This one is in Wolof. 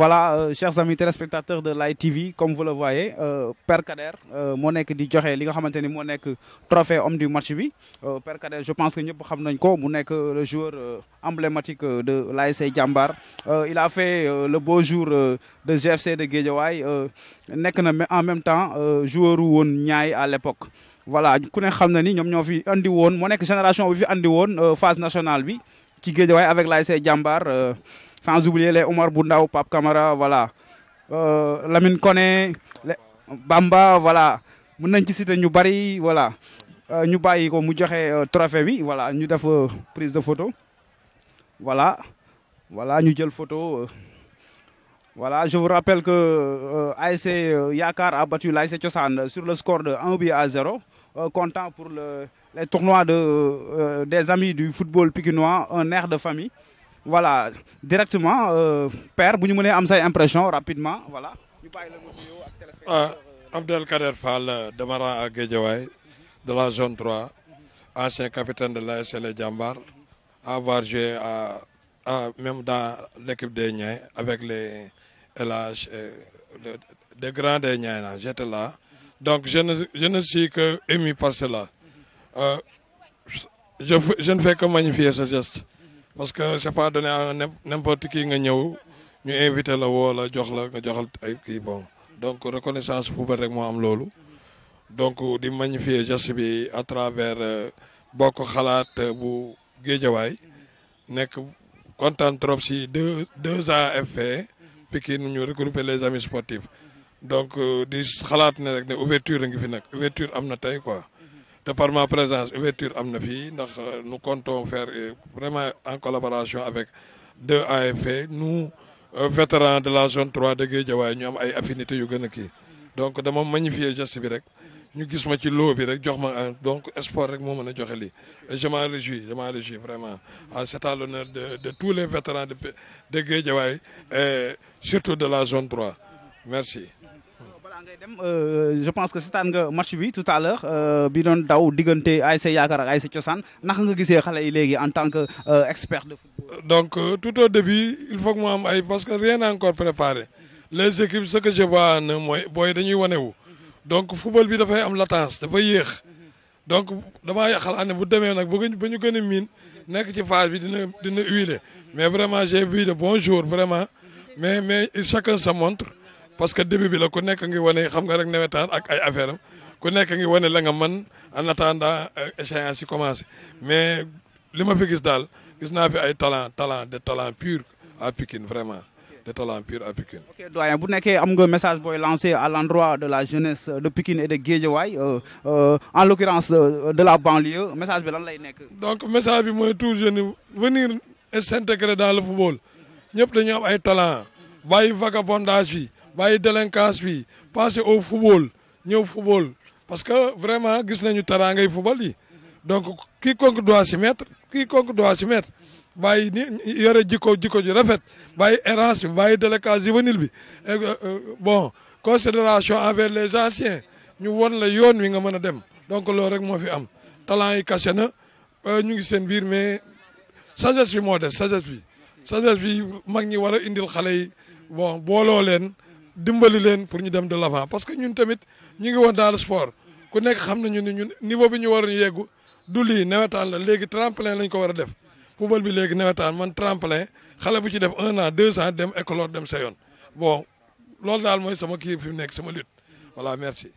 voilà euh, chers amis téléspectateurs de Light TV comme vous le voyez euh, Père Kader euh, moo nekk di joxe li nga xamante ni moo nekk trophée homme du match bi euh, Père Kader je pense que ñëpp xam nañ ko mu nekk euh, le joueur emblématique de l'ASC Diambar il a fait le beau jour de GFC de Guédiawaye nekk na en même temps joueur woon ñaay à l'époque voilà ku ne xam na ni ñoom ñoo fi andi woon moo nekk génération bi fi andi woon phase nationale bi ci Guédiawaye avec l'ASC Diambar sans oublier les Omar Boundaou, Pape Camara, voilà. Euh, Lamine Kone, Bamba, voilà. Nous avons cité nous bari, voilà. Nous euh, bayi ko mu joxe euh, trophée bi, wala ñu def euh, prise de photo. Voilà. Voilà, ñu jël photo. Voilà, je vous rappelle que euh, ASC Yakar a battu l'ASC Chosan sur le score de un but à 0, euh, pour le, les tournois de, des amis du football piquinois, un air de famille. voilà directement euh, père bu ñu mënee am say impression rapidement voilà. ah euh, Abdelkader Fall euh, démarrant à Guédiawaye de la zone 3 ancien capitaine de la Les Diambars avoir joué à à même dans l'équipe des Niayes avec les LH des grands des Niayes là la donc je ne je ne suis que ému par cela euh, je ne fais magnifier ce geste. parce que c'est pas donné à n'importe kii nga ñëw ñu invité la woo la jox la nga joxal ay kii bon donc reconnaissance Poubelle rek moo am loolu donc di magnifier geste bi à travers euh, bokk xalaat euh, bu géejawaay nekk kontaan trop si deux deux AFP Pikine ñu regrouper les amis sportifs donc euh, di xalaat ne rek ne ouverture ngi fi nag ouverture am na tey quoi de par ma présence ouverture am na fii ndax euh, nous comptons faire euh, vraiment en collaboration avec deux AFP nous euh, vétérans de la zone trois de Guédiawaye ñu am ay affinités yu gën a kii donc dama magnifier geste bi rek ñu gis ma ci loo bi rek jox ma donc sport rek moo mën a joxe lii et je m'en réjouis je m'en réjouis vraiment ah c'est à l'honneur de de tous les vétérans de de Guédiawaye et surtout de la zone trois merci. balaa ngay dem euh, je pense que seetaan nga match bi tout à l'heure euh, bi doon daw diggante ASC Yaakaar ak ASC Cosaan naka nga gisee xale yi léegi en tant que euh, expert de football. donc tout au début il faut que mu am ay parce que rien encore préparé les équipes ce que je vois ne mooy booy dañuy wane donc football bi dafay am latence dafa yéex donc damaa xalaat ne bu demee nag ba ñu gën a miin nekk ci phase bi dina dina huiler mais vraiment j'ai de bons vraiment mais mais chacun sa parce que début bi la ko nekk ngi wane xam nga rek nawetaan ak ay affaire am ku nekk ngi wane la nga man en attendant euh, échéance yi commencé mais li ma fi gis daal gis naa fi ay talent talent de talent pur à Pikine vraiment de talent pur à Pikine. ok doyen bu nekkee am nga message booy lancé à l'endroit de la jeunesse de Pikine et de Guédiawaye euh, euh, en l'occurrence de la banlieue message bi lan lay nekk. donc message bi mooy tout jeune venir s'intégrer dans le football ñëpp dañu am ay talent bàyyi vagabondage yi. bàyyi délinquance bi passer au football ñëw football parce que vraiment gis nañu taraangay football yi donc quiconque doit s'y mettre quiconque doit s'y mettre bàyyi ni yore jikko jikko ji rafet bàyyi errance bi bàyyi délinquance juvénile bi euh, euh, bon considération envers les anciens ñu won la yoon wi nga mën a dem donc loolu rek moo fi am talent yi caché na euh, ñu ngi seen biir mais sagesse bi moo des sagesse bi sagesse bi mag ñi war a indil xale yi bon booloo leen dimbali leen pour ñu dem de l'avant parce que ñun tamit ñu ngi woon dans le sport ku nekk xam nañu ni ñun niveau bi ñu waroon yeggu du lii nawetaan la léegi la lañ ko war a def football bi léegi nawetaan man tremplin xale bu ci def un an deux ans dem école dem sa yoon bon loolu daal mooy sama kii fi mu nekk sama lutte voilà merci.